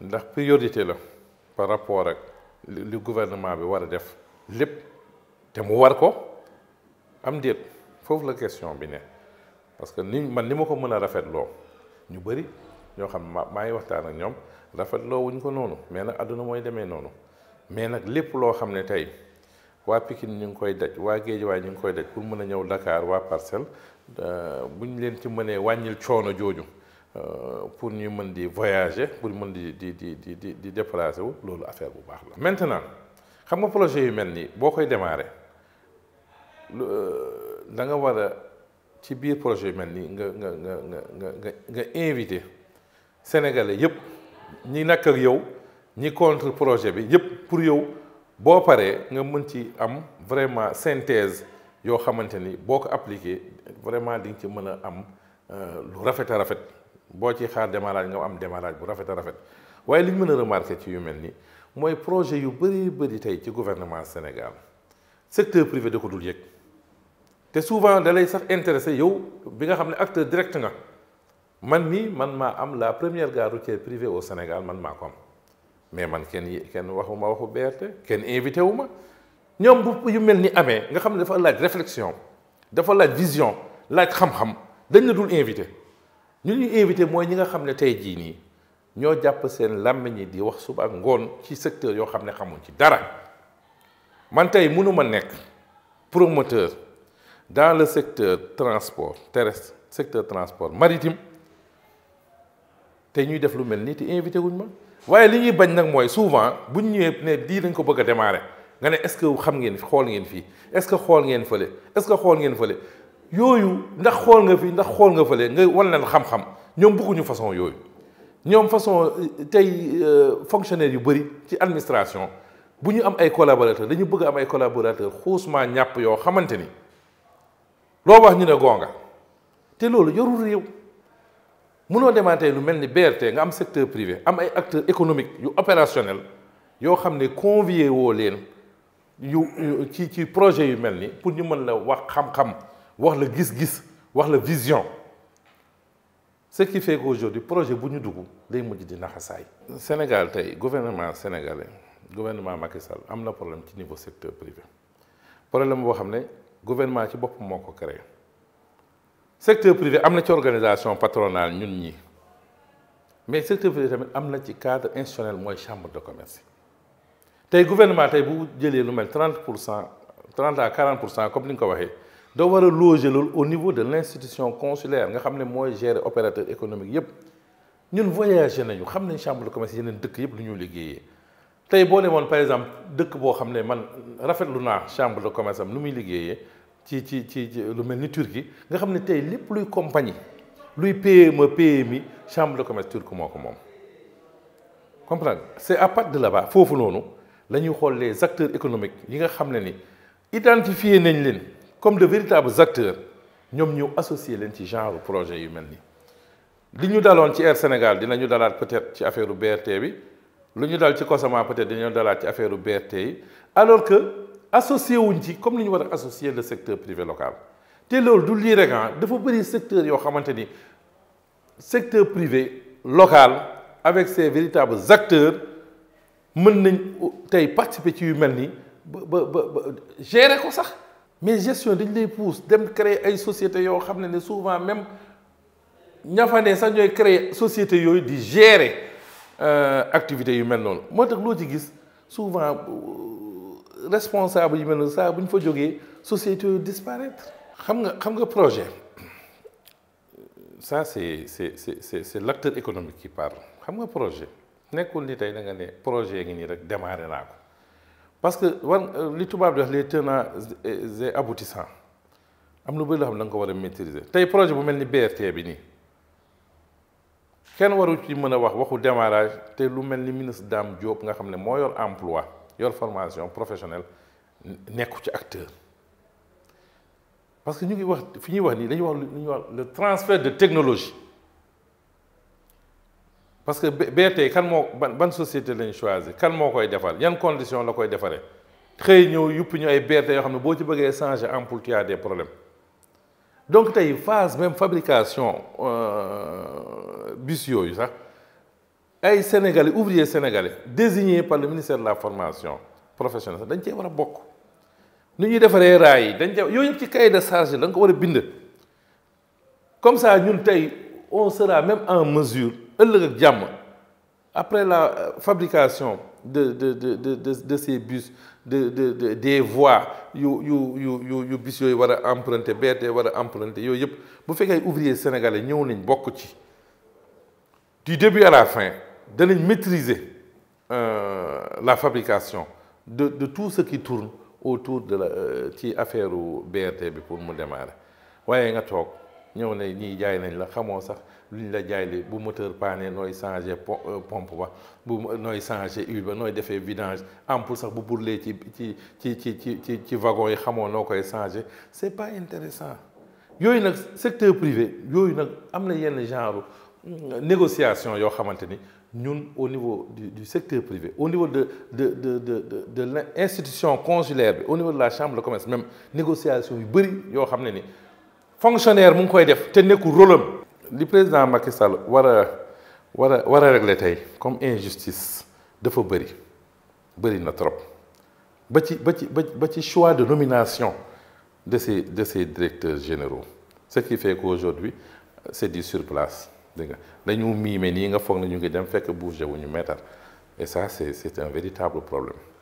ndax priorité la par rapport ak li gouvernement bi war a def lépp te mu war ko am déet foofu la question bi ne parce que ni man ni ma ko mën a rafetloo ñu bëri ñoo xam ma maa ngi waxtaan ak ñoom rafetloo wuñ ko noonu mais nag àdduna mooy demee noonu mais nag lépp loo xam ne tey waa Pikine ñu ngi koy daj waa waaye ñu ngi koy daj pour mën a ñëw Dakar waa Parcelles euh, bu ñu leen ci mënee wàññil coono jooju. Euh, pour ñu mën di voyager pour mën di di di di di déplacer wu loolu affaire bu baax la. maintenant xam nga projet yu mel nii boo koy démarrer euh, da nga war a ci biir projet yu mel nii nga nga nga nga nga nga inviter sénégalais yëpp ñi nekk ak yow ñi contre projet bi yëpp pour yow boo paree nga mën ci am vraiment synthèse yoo xamante ni boo ko appliqué vraiment di nga ci mën a am euh, lu rafet a rafet boo ci xaar démarrage nga am démarrage bu rafet a rafet waaye remarqué ci yu projet yu gouvernement Sénégal secteur privé de ko souvent intéressé yow bi nga acteur direct la première gare routière privée au Sénégal man ko am mais man waxuma invité wu ma bu yu nga réflexion dafa la vision laaj xam-xam dañ ñu ñu invité mooy ñi nga xam ne tey jii nii ñoo jàpp seen làmmiñ yi di wax suba ak ngoon ci secteur yoo xam ne xamuñ ci dara man tey mënuma nekk promoteur dans le secteur transport terrestre secteur transport maritime te ñu def lu mel nii te invité wuñ ma waaye li ñuy bañ nag mooy souvent ñu ñëwee ne dii dañ ko bëgg a démarrer nga ne est-ce que xam ngeen xool ngeen fii est-ce xool ngeen fële est-ce que xool ngeen fële yooyu ndax xool nga fi ndax xool nga fële nga wan leen xam-xam ñoom bëgguñu façon yooyu ñoom façon euh, tey euh, fonctionnaire yu bëri ci administration bu ñu am ay collaborateurs dañu bëgg am ay collaborateurs xuusmaa ñàpp yoo xamante ni loo wax ñu ne gonga te loolu yorul réew mënoo demaatee lu mel ni BRT nga am secteur privé am ay acteurs économiques yu opérationnel yoo xam ne convier woo leen yu ci ci projet yu mel ni pour ñu mën la wax xam-xam voir le gis-gis voir la vision ce qui fait qu'aujourd'hui projet est en train day mujj di Au Sénégal tay gouvernement sénégalais gouvernement Macky Sall am problème ci niveau secteur privé problème c'est que le gouvernement ci pas moko créer secteur privé amna ci organisation patronale ñun ñi mais secteur privé tamit un ci cadre institutionnel moy chambre de commerce Le gouvernement a bu jëlé lu mel à 40%, comme ni ko da war a loger au niveau de l'institution consulaire nga xam ne mooy gérer opérateur économique yëpp ñun voyagé nañu xam chambre de commerce yeneen dëkk yëpp lu ñu liggéeyee tey boo par exemple dëkk boo xam ne man chambre de commerce nous lu muy le ci ci ci lu mel ni Turquie nga xam ne tey luy compagnie luy PME PMI chambre de commerce turque moo ko comprendre c'est à part de là-bas foofu noonu la ñuy xool les acteurs économiques yi nga xam ne ni identifier nañ leen comme de véritables acteurs nous ñëw associé leen ci genre projet yu Ce que li ñu daloon ci Air Sénégal dinañu dalaat peut-être ci affaire BRT bi lu ñu dal ci Cosama peut-être dinañu dalaat ci affaire BRT alors que associé wuñ ci comme li ñu war associer le secteur privé local te que du lii rek ah, dafa bëri secteur yoo xamante secteur privé local avec ses véritables acteurs qui peuvent participer ci yu mel gérer ko mais gestion dañ lay pousse dem créer ay société yo xam souvent même ña fa ne sax créer société yo di gérer euh, activité yu mel noonu moo lo ci gis souvent euh, responsable yu mel noonu buñ fa joggé société disparaître xam nga xam nga projet ça c'est c'est c'est c'est l'acteur économique qui parle xam nga projet nekul ni tay da nga ne projet ngi ni rek démarrer naa ko parce que war euh, li les tenants et aboutissants am lu beul xam ko maîtriser projet bu BRT bi ni. Ken waru ci meuna démarrage lu melni ministre Diop nga emploi yor formation professionnelle nekku ci acteur parce que nous ngi le transfert de technologie parce que BRT kan moo ban société lañ choisir kan moo koy defar yan condition la koy defaree xëy ñëw yupp ñu ay BRT yoo xam ne boo ci bëggee changer ampoule tu as des problèmes donc tey phase même fabrication euh, bus yooyu sax ay sénégalais ouvriers sénégalais désigné par le ministère de la formation professionnelle dañ cee war a bokk nu ñuy defaree raay yi dañ cee yooyu yëpp ci cahier de charge la nga bind comme ça ñun tey on sera même en mesure après la euh, fabrication de de de de de ces bus de de des voies you bus qui BRT emprunté ouvrier sénégalais du début à la fin maîtrise maîtriser euh, la fabrication de de tout ce qui tourne autour de la de euh, affaire BRT pour mu démarrer vous ñëw ne ñii jaay nañ la xamoo sax luñ la jaay bu moteur paane nooy changé euh, pompe ba bu nooy changé huile ba nooy defee vidange ampoule sax bu burlee ci ci ci ci ci ci wagon yi xamoo noo koy changé c'est pas intéressant yooyu nag secteur privé yooyu nag am na yenn genre euh, négociation yoo xamante ni ñun au niveau du du secteur privé au niveau de de de de de l'institution consulaire bi au niveau de la chambre de commerce même négociation yu bëri yoo xam ne ni fonctionnaire mu koy def te nekku rôle am li président Macky Sall wara wara wara régler tay comme injustice dafa bëri bëri na trop ba ci ba ci ba ci choix de nomination de ces de ces directeurs généraux ce qui fait qu'aujourd'hui c'est du surplace place. nga dañu mimé ni nga foog na ngi dem fekk bougé wu ñu meetar et ça c'est c'est un véritable problème